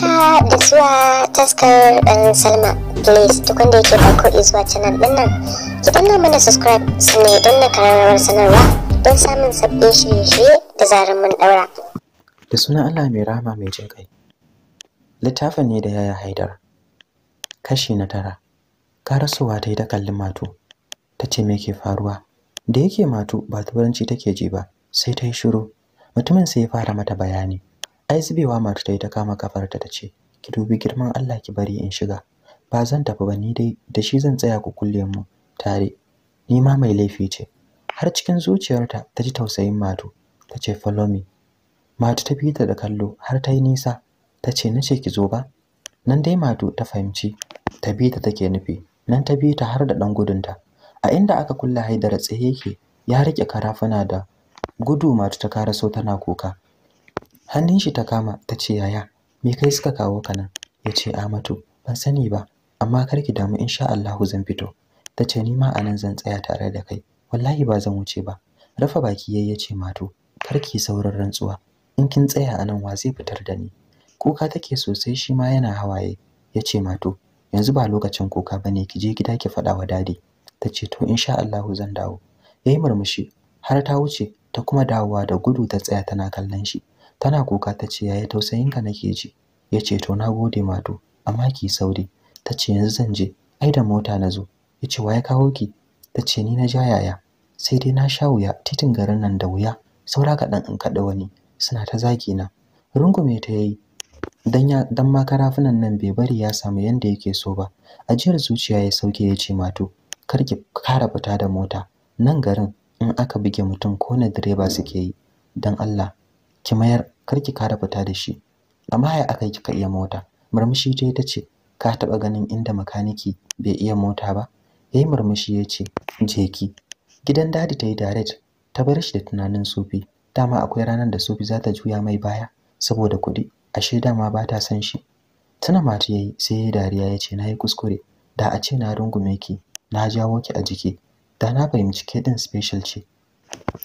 haka ah, da zuwa taskar ɗan um, salma please duk wanda yake farko izuwa canal ɗin nan ki danna mana subscribe sannan don na kararrawar sanarwa don samun sabbin shirye-shirye da zarar mun ɗaura da sunan allah mai rahama mai jin kai littafin ne da yaya haidar kashi na tara karasowa ta yi ta kalli mato ta ce me ke faruwa da yake mato ba turanci take ji ba sai ta yi shiru mutumin sai ya fara mata bayani ai zubewa matar ta ta kama kafarta ta ce ki dubi girman Allah ki bari in shiga ba zan tafi ba ni dai da shi zan tsaya ku kulle mu tare ni ma mai laifi ce har cikin zuciyarta ta ji tausayin Matu ta ce follow me Matu ta fita da kallo har ta yi nisa ta ce nace ki zo ba nan dai Matu ta fahimci ta bi ta take nufi nan ta bi ta har da dan ta. a inda aka kulle Haidara tsaye yake ya rike karafuna da gudu Matu ta karaso tana kuka hannun shi ta kama ta ce yaya me kai suka kawo ka nan ya ce amatu ban sani ba amma kar ki damu insha Allahu zan fito ta ce ni ma a nan zan tsaya tare da kai wallahi ba zan wuce ba rafa baki yayi ya ce mato kar ki saurin rantsuwa in kin tsaya anan wa zai fitar da ni kuka take sosai shi ma yana hawaye ya ce mato yanzu ba lokacin kuka ba ne, ki je gida ki faɗa wa dadi ta ce to insha Allahu zan dawo yayi murmushi har ta wuce ta kuma dawowa da gudu ta tsaya tana kallon shi tana kuka ta ce yaya tausayinka nake ji ya ce to na gode mato amma ki sauri ta ce yanzu zan je ai da mota na zo ya ce wa ya kawo ki ta ce ni na ja yaya sai dai na sha wuya titin garin nan da wuya saura kaɗan in kaɗe wani suna ta zaki na rungume ta yayi dan dan ma karafunan nan bai bari ya samu yanda yake so ba ajiyar zuciya ya sauke ya ce mato kar ki kara fita da mota nan garin in aka buge mutum ko na direba suke yi dan Allah ki mayar kar ki kara fita da shi amma ya akai kika iya mota murmushi ta ta ce ka taba ganin inda makaniki bai iya mota ba yayi murmushi ya ce je ki gidan dadi ta yi direct ta bar shi da tunanin sufi dama akwai ranar da sufi za ta juya mai baya saboda kuɗi ashe dama ba ta san shi tana mata yayi sai ya dariya ya ce nayi kuskure da a ce na rungume ki na jawo ki a jiki da na fahimci kedin din special ce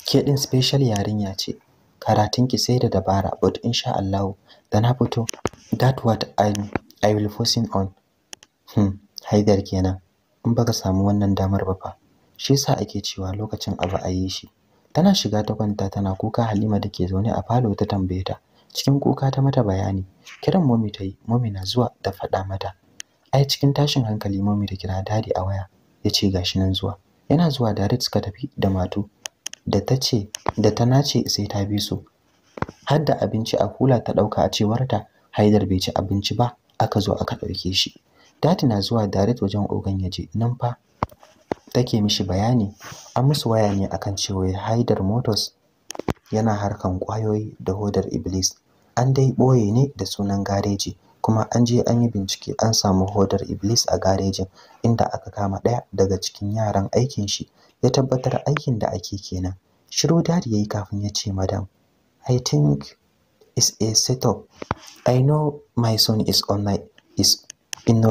ke special yarinya ce karatun ki sai da dabara but insha Allah da na fito that what I I will focusing on hmm haidar kenan in baka samu wannan damar ba fa shi yasa ake cewa lokacin abu a yi shi tana shiga ta kwanta tana kuka Halima da ke zaune a falo ta tambaye ta cikin kuka ta mata bayani kiran mami ta yi mami na zuwa da faɗa mata ai cikin tashin hankali mami da kira dadi a waya yace gashi nan zuwa yana zuwa direct suka tafi da matu da ta ce da ta nace sai ta bi su har da abinci a kula ta ɗauka a cewar ta haidar bai ci abinci ba aka zo aka ɗauke shi Dati na zuwa direct wajen ogan ya je nan fa take mishi bayani an musu waya ne akan cewa haidar motors yana harkan ƙwayoyi, da hodar iblis an dai ɓoye ne da sunan gareji kuma an je an yi bincike an samu hodar iblis a garejin inda aka kama ɗaya daga cikin yaran aikin shi ya tabbatar aikin da ake kenan shiru ya yayi kafin ya ce madam i think it's a setup i know my son is on is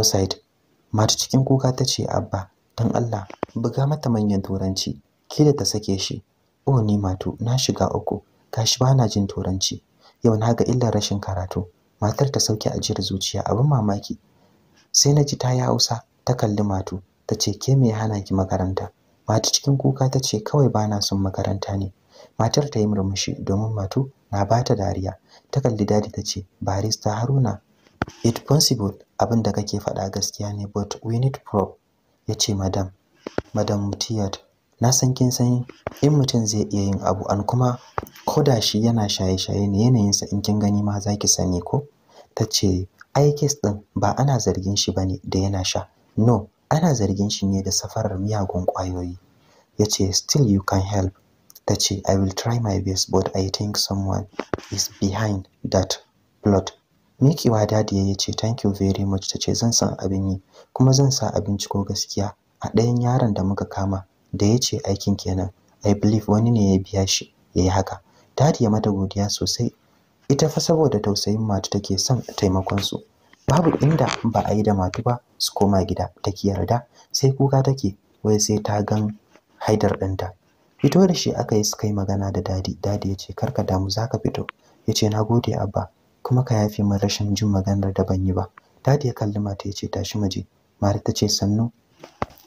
side mata cikin kuka ta ce abba don allah buga mata manyan turanci ki da ta sake shi oh ni mato na shiga uku gashi bana jin turanci yau na ga illar rashin karatu matar ta sauke ajiyar zuciya abin mamaki sai na ji ta yi hausa ta kalli matu ta ce ke me hana ki makaranta matu cikin kuka ta ce kawai ba na son makaranta ne matar ta yi murmushi domin matu na ba ta dariya ta kalli dadi ta ce barista haruna it possible abin da kake faɗa gaskiya ne but we need proof ya ce madam madam mutiyat na san kin san in mutum zai iya yin abu an kuma koda shi yana shaye-shaye ne yanayinsa in kin gani ma za ki sani ko ta ce ai ɗin ba ana zargin shi ba ne da yana sha no ana zargin shi ne da safarar miyagun ƙwayoyi ya ce still you can help ta ce i will try my best but i think someone is behind that plot mikiwa dadi ya ce thank you very much ta ce zan san abin yi kuma zan sa abinci ko gaskiya a ɗayan yaron da muka kama da ya ce aikin kenan i believe wani ne ya biya shi ya yi haka dadiya mata godiya sosai ita fa saboda tausayin matu take son taimakon su babu inda ba a yi da matu ba su koma gida take yarda sai kuka take wai sai ta gan haidar ɗinta fito da shi aka yi su kai magana da dadi dadi ya ce karka damu za ka fito ya ce na gode abba kuma ka yafe min rashin jin maganar da ban yi ba dadi ya kalli mata ya ce tashi maje mari ta ce sannu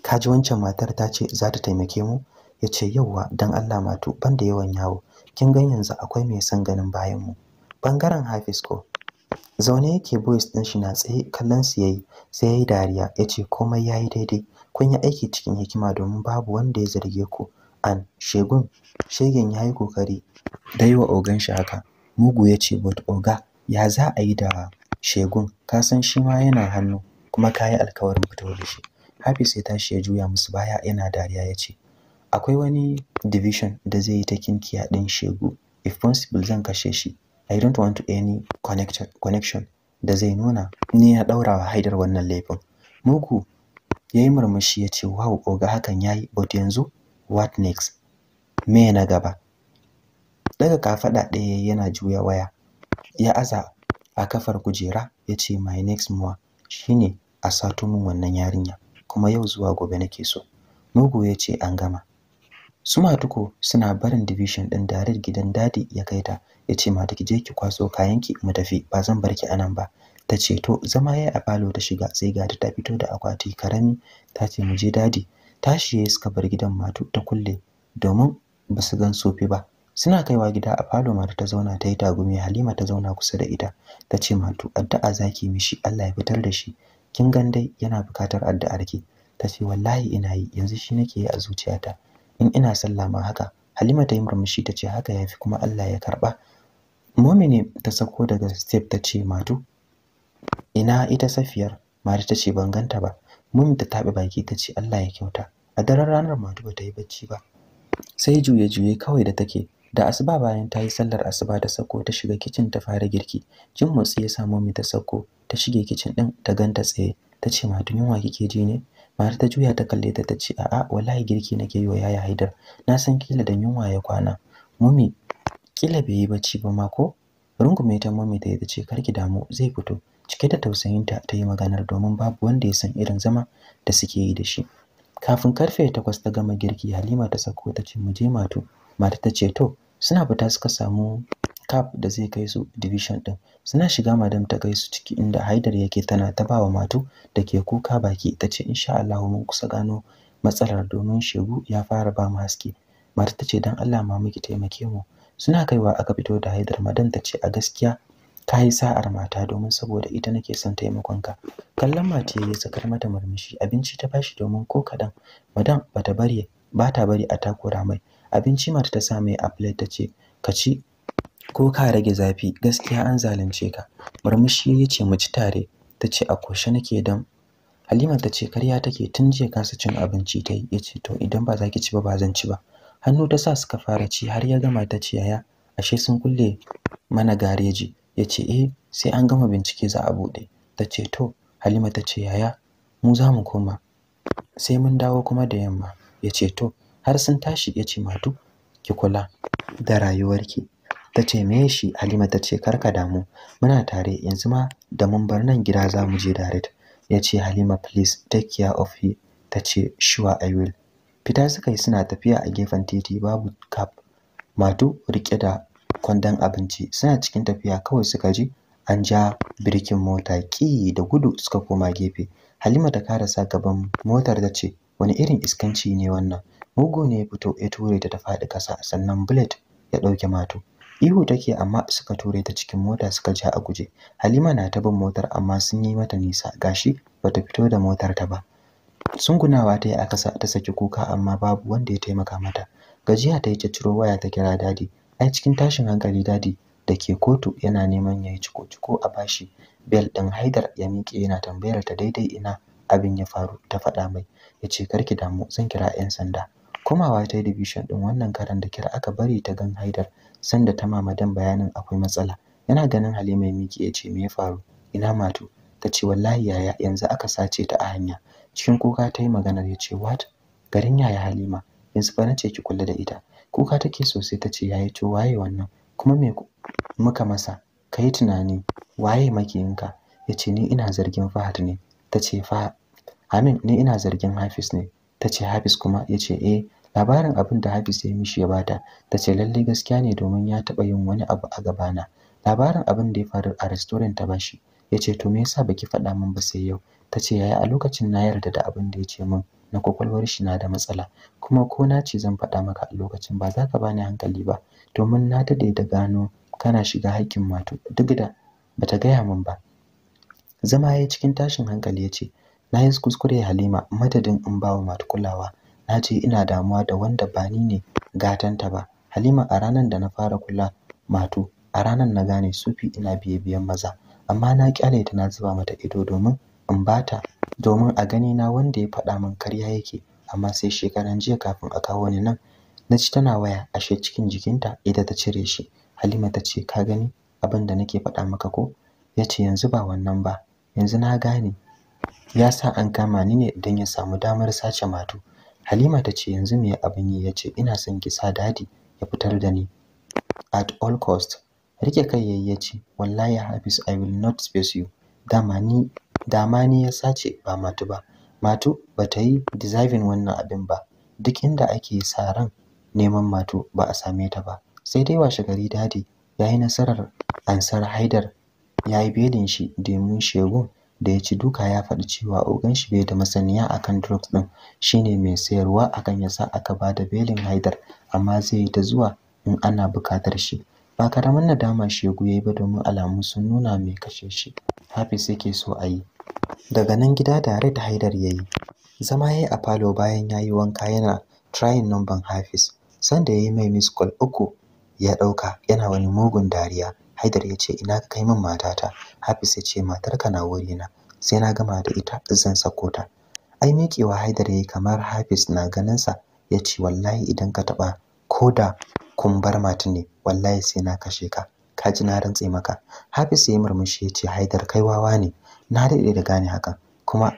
ka ji wancan matar ta ce za ta taimake mu ya ce yauwa don allah matu ban da yawan yawo kin gan yanzu akwai mai son ganin bayan mu bangaren hafis ko zaune yake boys din shi na tsaye kallon su yayi sai yayi dariya yace komai yayi daidai kun yi aiki cikin hikima domin babu wanda ya zarge ku an shegun shegen yayi kokari wa ogan shi haka mugu yace but oga ya za a yi da shegun ka san shi ma yana hannu kuma yi alkawarin fito da shi hafis ya tashi ya juya musu baya yana dariya yace akwai wani division da zai yi ta kinkiya din shegu if possible zan kashe shi I don't want any connection da zai nuna ni na ɗaura wa Haidar wannan laifin. Mugu yayi murmushi yace ce wow oga hakan yayi yi but yanzu what next? Me na gaba? Daga kafaɗa ɗaya yana juya waya ya aza a kafar kujera yace ce my next move shine a sato min wannan yarinya kuma yau zuwa gobe nake so. Mugu yace an gama. su matuko suna barin division din darir gidan dadi ya kaita ya ce mata ki je ki kwaso kayanki mu tafi ba zan a nan ba ta ce to zama yayi a falo ta shiga sai ga ta fito da akwati karami ta ce mu je dadi tashi yayi suka bar gidan matu ta kulle domin ba su gan sofi ba suna kaiwa gida a falo mata ta zauna ta yi tagumi halima ta zauna kusa da ita ta ce matu addu'a zaki mishi Allah ya fitar da shi kin gan dai yana bukatar addu'arki ta ce wallahi ina yi yanzu shi nake yi a zuciyata in ina sallah ma haka Halima ta yi murmushi ta ce haka ya fi kuma Allah ya karba Mumini ta sako daga step ta ce Matu ina ita safiyar Mari ta ce ban ganta ba Mumini ta tabe baki ta ce Allah ya kyauta a daren ranar Matu ba ta yi bacci ba sai juye juye kawai da take da asuba bayan ta yi sallar asuba ta sako ta shiga kicin ta fara girki jin motsi ya sa mi ta sako ta shige kicin ɗin ta ganta tsaye ta ce Matu yunwa kike ji ne Mari ta juya ta kalle ta tace a'a wallahi girki nake yi wa yaya Haidar. Na san kila da yunwa ya kwana. Mummy kila bai yi bacci ba ma ko? Rungume ta mummy ta tace ki damu zai fito. Cike da tausayinta ta yi maganar domin babu wanda ya san irin zama da suke yi da shi. Kafin karfe takwas ta gama girki Halima ta sako ta ce mu je mato. Mata ta ce to suna fita suka samu cap da zai kai su division din suna shiga madam ta kai su ciki inda haidar yake tana ta bawa matu da ke kuka baki ta ce insha Allah mun kusa gano matsalar domin shegu ya fara ba mu haske mata ta ce dan Allah ma miki taimake mu suna kaiwa aka fito da haidar madam ta ce a gaskiya ta yi sa'ar mata domin saboda ita nake son taimakonka kallon mata ya sakar mata murmushi abinci ta bashi domin ko kadan madam bata bari bata bari a takura mai abinci mata ta sa mai a plate ta ce ka ci ko ka rage zafi gaskiya an zalunce ka murmushi ya ce mu ci tare ta ce a koshe nake dan halima ta ce karya take tun jiya kasa cin abinci ta yi ya ce to idan ba za ki ci ba ba zan ci ba hannu ta sa suka fara ci har ya gama ta ce yaya ashe sun kulle mana gareji ya ce eh sai an gama bincike za a buɗe ta ce to halima ta ce yaya mu za mu koma sai mun dawo kuma da yamma ya ce to har sun tashi ya ce matu ki kula da rayuwarki ta ce me shi halima ta ce karka damu muna tare yanzu ma da mun bar nan gida za mu je direct ya ce halima please take care of you ta ce sure i will fita suka yi suna tafiya a gefen titi babu cap matu rike da kwandon abinci suna cikin tafiya kawai suka ji an ja birkin mota ki da gudu suka koma gefe halima ta karasa gaban motar da ce wani irin iskanci ne wannan mugu ne ya fito ya ture ta ta faɗi ƙasa sannan bullet ya ɗauke mato ihu take amma suka ture ta cikin mota suka ja a guje halima na ta bin motar amma sun yi mata nisa gashi bata fito da motar ta ba sungunawa ta yi a kasa ta saki kuka amma babu wanda ya taimaka mata gajiya ta yi ciro waya ta kira dadi ai cikin tashin hankali dadi da ke kotu yana neman ya yi ciko-ciko a bashi bel ɗin haidar ya miƙe yana tambayar ta daidai ina abin ya faru ta faɗa mai ya ce karki damu zan kira 'yan sanda komawa ta yi division ɗin wannan karan da kira aka bari ta gan haidar sanda ta dan bayanin akwai matsala yana ganin halima ya miki yace ce me ya faru ina matu tace wallahi yaya yanzu aka sace ta a hanya cikin kuka ta yi maganar ya what garin yaya halima yanzu fa nace ki kula da ita kuka take sosai ta ce yayi to waye wannan kuma me muka masa kai tunani waye makiyinka ya ce ni ina zargin fahad ne ta fa amin ni ina zargin hafiz ne ta hafiz kuma yace ce eh labarin abin da Hafiz ya mishi ya bata ta ce lallai gaskiya ne domin ya taba yin wani abu a gabana labarin abin da ya faru a restaurant ta bashi ya ce to me yasa baki faɗa min ba sai yau ta ce yaya a lokacin na yarda da abin da ya ce min na kwakwalwar shi na da matsala kuma ko na ce zan faɗa maka a lokacin ba za ka bani hankali ba domin na dade da gano kana shiga haƙƙin mato duk da bata gaya min ba zama ya cikin tashin hankali ya ce na yi kuskure halima madadin in ba wa mata kulawa na je ina damuwa da wanda ba ni ne gatanta ba halima a ranar da na fara kula mato a ranar na gane sufi ina biye biyan maza amma na kyale ta na zuba mata ido domin in bata domin a gani na wanda ya faɗa min karya yake amma sai shekaran jiya kafin a kawo ni nan na ci tana waya ashe cikin jikinta ita ta cire shi halima ta ce ka gani abin da nake faɗa maka ko ya ce yanzu ba wannan ba yanzu na gane ya sa an kama ni ne don ya samu damar sace matu Halima ta ce yanzu me abin yi ya ce ina son kisa dadi ya fitar da ni at all cost. Rike kai yayi ya ce wallahi Hafiz I will not space you. Dama ni dama ni ya sace ba matu ba. Matu ba ta yi deserving wannan abin ba. Duk inda ake sa ran neman matu ba a same ta ba. Sai dai washe gari dadi yayi nasarar ansar Haidar yayi belin shi domin shegun da ya ci duka ya faɗi cewa ogan shi bai da masaniya akan drugs din shine mai sayarwa akan yasa aka ba da belin Haidar amma zai yi ta zuwa in ana bukatar shi ba karamin nadama shegu yi ba domin alamu sun nuna mai kashe shi Hafiz yake so a yi daga nan gida tare da Haidar yayi zama yayi a falo bayan ya yi wanka yana trying number Hafiz sanda yayi mai miss call uku ya ɗauka yana wani mugun dariya Haidar ya ce ina ka kai min matata Hafiz ya ce matarka na wurina sai na gama da ita zan sako ta ai miƙewa Haidar yayi kamar Hafiz na ganin sa ya ce wallahi idan ka taba koda bar matu ne wallahi sai na kashe ka ka ji na rantse maka Hafiz yayi murmushi ya ce Haidar kai wawa ne na daɗe da gane hakan kuma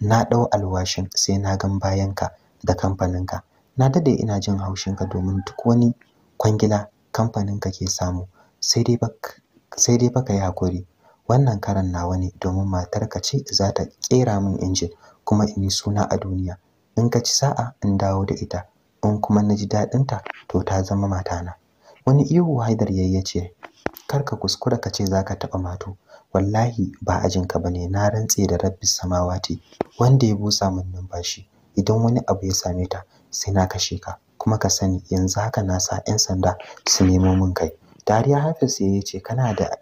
na dau alwashin sai na gan bayanka da kamfaninka na dade ina jin haushinka domin duk wani kwangila kamfaninka ke samu sai dai baka yi hakuri wannan karan nawa ne domin matar ka ce za ta kera min injin kuma in yi suna a duniya in ka ci sa'a in dawo da ita in kuma na ji daɗinta to ta zama mata na. wani ihu haidar ya ce kar ka kuskura ka ce za ka taɓa mato wallahi ba ajinka ba ne na rantse da rabbi samawati wanda ya busa min numfashi idan wani abu ya same ta sai na kashe ka kuma ka sani yanzu haka na sa 'yan sanda su nemo min kai dariya hafiz ya ce kana da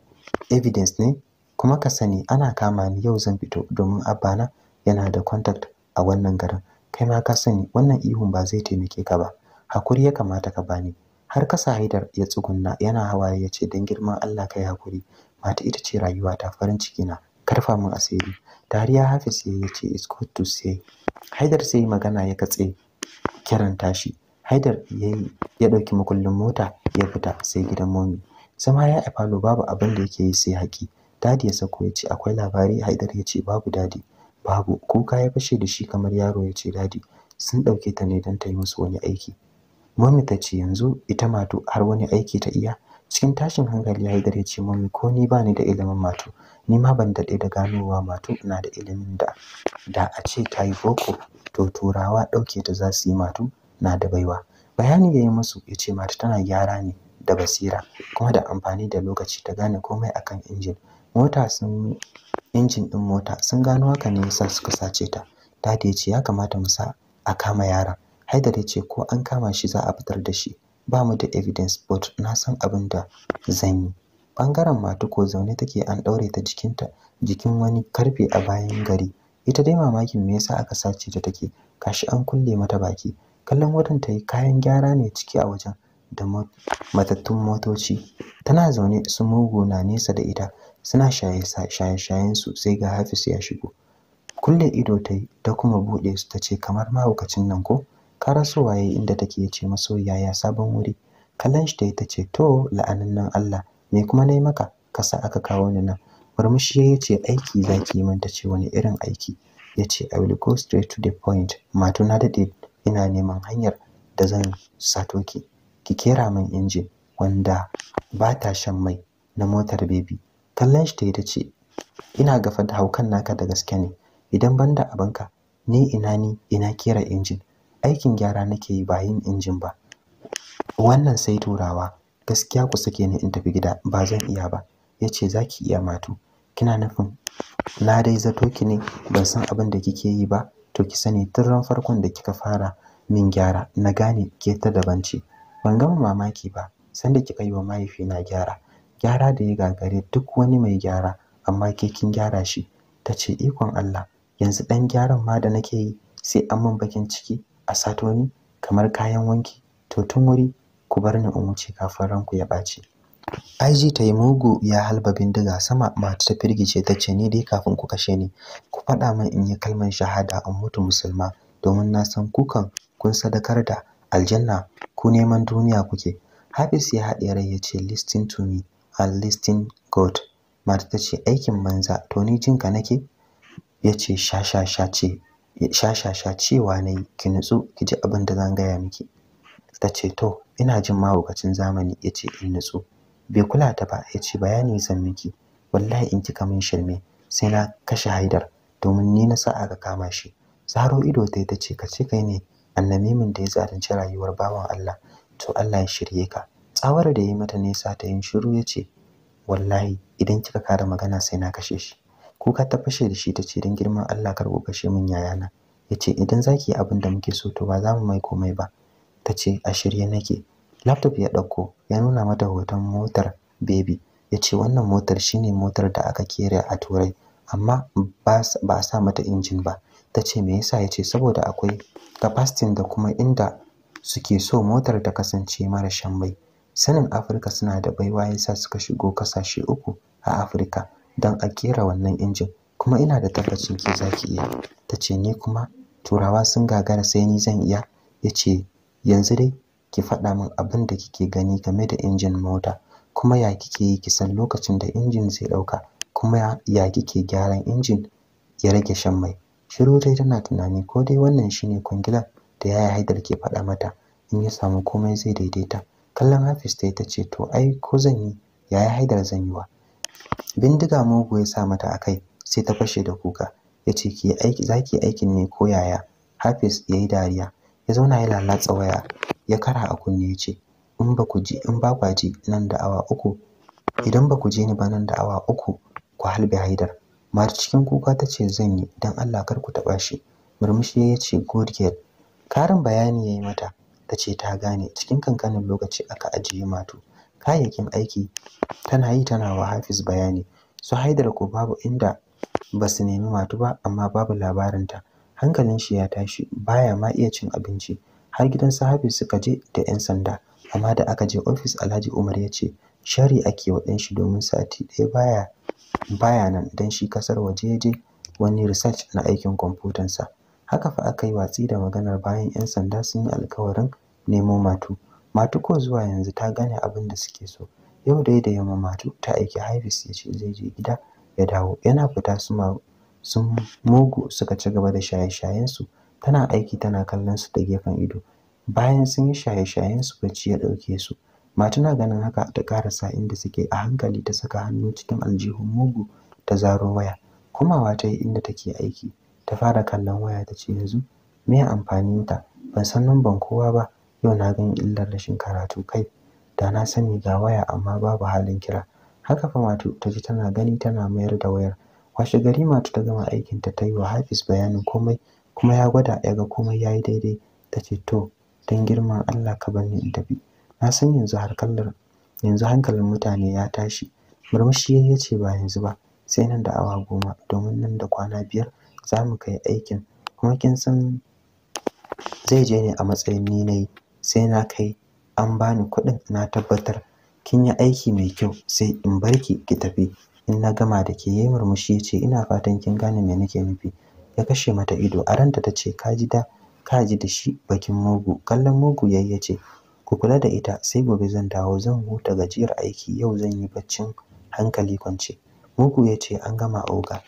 evidence ne kuma ka sani ana kama ni yau zan fito domin abana yana da contact a wannan garin kai ma ka sani wannan ihun ba zai taimake ka ba hakuri ya kamata ka bani har kasa haidar ya tsugunna yana hawaye ya ce don girman Allah kai hakuri mata ita ce rayuwa ta farin ciki na karfa min asiri dariya hafiz ya ce it's good to say haidar sai magana ya katse kiran tashi haidar ya ɗauki makullin mota ya fita sai gidan momi zama ya a falo babu abin da yake yi sai haƙi dadi ya sako ya ce akwai labari haidar ya ce babu dadi babu kuka ya fashe da shi kamar yaro ya ce dadi sun ɗauke ta ne don ta yi musu wani aiki Momi ta ce yanzu ita mato har wani aiki ta iya cikin tashin hankali Haidar ya ce Momi. ko ni ba ni da ilimin mato ni ma ban daɗe da ganowa mato na da ilimin da da a ce ta yi boko to turawa ɗauke ta za su yi mato na da baiwa bayani ya yi musu ya ce mata tana gyara ne da basira kuma da amfani da lokaci ta gane komai akan injin mota sun injin din mota sun gano haka ne yasa suka sace ta dadi ya ce ya kamata mu sa a kama yaran haidar ya ce ko an kama shi za a fitar da shi ba mu da evidence but na san abin da zan yi bangaren ko zaune take an ɗaure ta jikinta jikin wani karfe a bayan gari ita dai mamakin me yasa aka sace ta take kashi an kulle mata baki kallon wurin ta yi kayan gyara ne ciki a wajen da matattun motoci tana zaune su mugu na nesa da ita suna shaye-shayen su sai ga hafis ya shigo kulle ido ta yi ta kuma buɗe su ta ce kamar mahaukacin nan ko karaso waye inda take ce maso yaya sabon wuri kallon shi ta yi ta ce to la'anin nan Allah me kuma yi maka kasa aka kawo ni nan murmushi ya ce aiki zaki yi manta ce wani irin aiki ya ce I will go straight to the point matuna na daɗe ina neman hanyar da zan sato ki ki kera min injin wanda ba ta shan mai na motar bebi. kallon shi tayi ce. ina gafa da haukan naka da gaske ne idan banda abanka ni ina ni ina kera injin aikin gyara nake yi ba yin injin ba wannan sai turawa gaskiya ku sake ni in tafi gida ba zan iya ba Ya ce za ki iya matu kina nufin na dai zato ki ne ban san abin da kike yi ba to ki sani tun ran farkon da kika fara min gyara na gane ke ta daban ce ban gama mamaki ba sanda kika yi wa mahaifina gyara gyara da ya gagare duk wani mai gyara amma ke kin gyara shi ta ce ikon Allah yanzu dan gyaran ma da nake yi sai an min bakin ciki a satoni, kamar kayan wanki to tun wuri ku bar ni in wuce kafin ranku ya ɓaci aji ta yi mugu ya halba bindiga sama mata ta firgice ta ce ni dai kafin ku kashe ni ku faɗa min in yi kalmar shahada in mutu musulma domin na san kukan kun sadakar da aljanna ku neman duniya kuke Hafiz ya haɗe rai ya ce listen to me and listen God mata ta ce aikin manza. to ni jinka nake ya ce sha ce shashasha cewa na yi ki nutsu ki ji abin da zan gaya miki ta ce to ina jin mawukacin zamani ya ce in nutsu bai kula ta ba ya ce bayani zan miki wallahi in kika min shirme sai na kashe haidar domin ni na sa aka kama shi zaro ido ta ta ce ka ce kai ne annamimin da ya zalunci rayuwar bawan Allah to Allah ya shirye ka tsawar da ya mata nesa ta yin shiru ya ce wallahi idan kika kara magana sai na kashe shi kuka ta fashe da shi ta ce don girman Allah kar ku kashe min yayana ya ce idan zaki abin da muke so to ba za mu mai komai ba ta ce a shirye nake laptop ya ɗauko ya nuna mata hoton motar baby ya ce wannan motar shine motar da aka kera a turai amma ba a sa mata injin ba ta ce me yasa ya ce saboda akwai capacity da kuma inda suke so motar ta kasance mara shan mai sanin afirka suna da baiwa yasa suka shigo kasashe uku a afirka don a kera wannan injin kuma ina da tabbacin ke zaki iya ta ce ni kuma turawa sun gagara sai ni zan iya ya ce yanzu dai ki faɗa min abin da kike gani game da injin mota kuma ya kike yi kisan lokacin da injin zai ɗauka kuma ya kike gyaran injin ya rage shan mai shiru dai tana tunani ko dai wannan shine kwangilan da yaya haidar ke faɗa mata in ya samu komai zai daidaita kallon hafis ta ta ce to ai ko zan yi yaya haidar zan yi wa bindiga mugu ya sa mata a kai sai ta fashe da kuka ya ce za ki aikin ne ko yaya hafis ya yi dariya ya zauna ya lalatsa waya ya kara a kunne ya ce in ba kwa ji nan da awa uku idan ba ku je ni ba nan da awa uku ku halbe haidar mata cikin kuka ta ce zan yi don allah kar ku taɓa shi murmushi ya ce good girl karin bayani ya yi mata ta ce ta gane cikin kankanin lokaci aka ajiye matu kayayyakin aiki tana yi tana wa hafiz bayani su haidar ko babu inda ba su nemi matu ba amma babu labarinta hankalin shi ya tashi baya ma iya cin abinci har gidan sahabi suka je da 'yan sanda amma da aka je ofis Alhaji Umar ya ce shari ake wa ɗan shi domin sati ɗaya baya baya nan dan shi kasar waje ya je wani research na aikin kwamfutansa haka fa aka yi watsi da maganar bayan 'yan sanda sun yi alkawarin nemo matu matu ko zuwa yanzu ta gane abin da suke so yau dai da yamma matu ta aiki haifis ya ce zai je gida ya dawo yana fita su sun mugu suka ci gaba da shaye-shayensu tana aiki tana kallon su da gefen ido bayan sun yi shaye-shayen su bacci ya ɗauke su matuna ganin haka ta karasa inda suke a hankali ta saka hannu cikin aljihun mugu ta zaro waya komawa ta yi inda take aiki ta fara kallon waya ta ce yanzu me amfanin ta ban san numban kowa ba yau na gan illar rashin karatu kai da na sani ga waya amma babu halin kira haka fa matu ta ji tana gani tana mayar da wayar washe gari matu ta gama aikin ta ta yi wa hafiz bayanin komai kuma ya gwada ya ga komai yi daidai ta ce to don girman Allah ka bar ni in tafi na san yanzu harkalar yanzu hankalin mutane ya tashi murmushi ya ce ba yanzu ba sai nan da awa goma domin nan da kwana biyar za mu kai aikin kuma kin san zai je ne a matsayin ni na yi sai na kai an bani kuɗin na tabbatar kin yi aiki mai kyau sai in barki ki tafi in na gama da ke yi murmushi ce ina fatan kin gane me nake nufi ya kashe mata ido a ranta ta ce ka ji da ka ji da shi bakin mugu kallon mugu yayi ya ce ku kula da ita sai gobe zan dawo zan huta gajiyar aiki yau zan yi baccin hankali kwance mugu ya ce an gama oga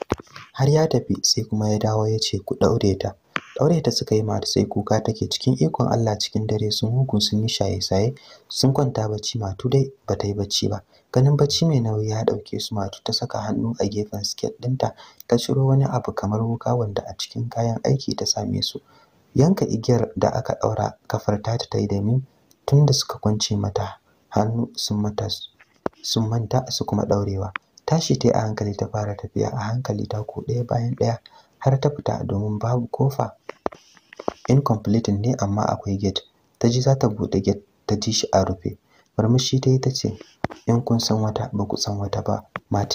har ya tafi sai kuma ya dawo ya ce ku ɗaure ta ɗaure ta suka yi mata sai kuka take cikin ikon Allah cikin dare sun hugu sun yi shaye-shaye sun kwanta bacci matu dai ba ta yi bacci ba ganin bacci mai nauyi ya ɗauke su matu ta saka hannu a gefen siket ɗinta ta ciro wani abu kamar wuka wanda a cikin kayan aiki ta same su yanka igiyar da aka ɗaura kafar ta ta yi domin tun da suka kwance mata hannu sun mata sun manta su kuma ɗaurewa tashi ta a hankali ta fara tafiya a hankali ta ko ɗaya bayan ɗaya har ta fita domin babu kofa incomplete ne amma akwai gate ta ji za ta buɗe gate ta ji shi a rufe murmushi ta yi ta ce in kun san wata ba ku san wata ba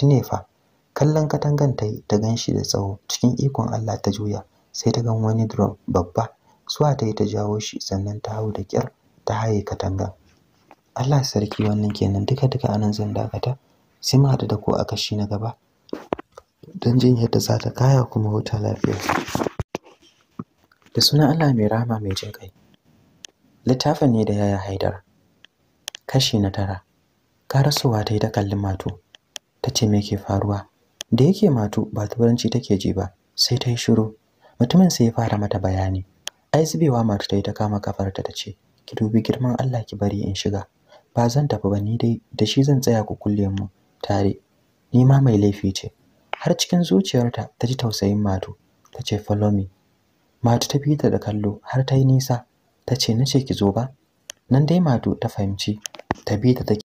ne fa kallon katangan ta yi ta gan shi da tsawo cikin ikon Allah ta juya sai ta gan wani drum babba suwa ta yi ta jawo shi sannan ta hau da kyar ta haye katangan Allah sarki wannan kenan duka duka anan zan dakata sai mu haɗu da ku a kashi na gaba don jin yadda za ta kaya kuma wuta lafiya da suna Allah mai rama mai jin kai littafin ne da yaya haidar kashi na tara karasowa ta yi ta kalli mato ta ce me ke faruwa da yake matu, ba turanci take ji ba sai ta yi shiru mutumin sai ya fara mata bayani ai zubewa mato ta yi ta kama kafarta ta ce ki dubi girman Allah ki bari in shiga ba zan tafi ba ni dai da shi zan tsaya ku kulle mu tare ni ma mai laifi ce har cikin zuciyarta ta ji tausayin matu. ta ce follow me Matu ta bi da kallo har ta yi nisa ta ce na ce ki zo ba. Nan dai Matu ta fahimci ta bi ta take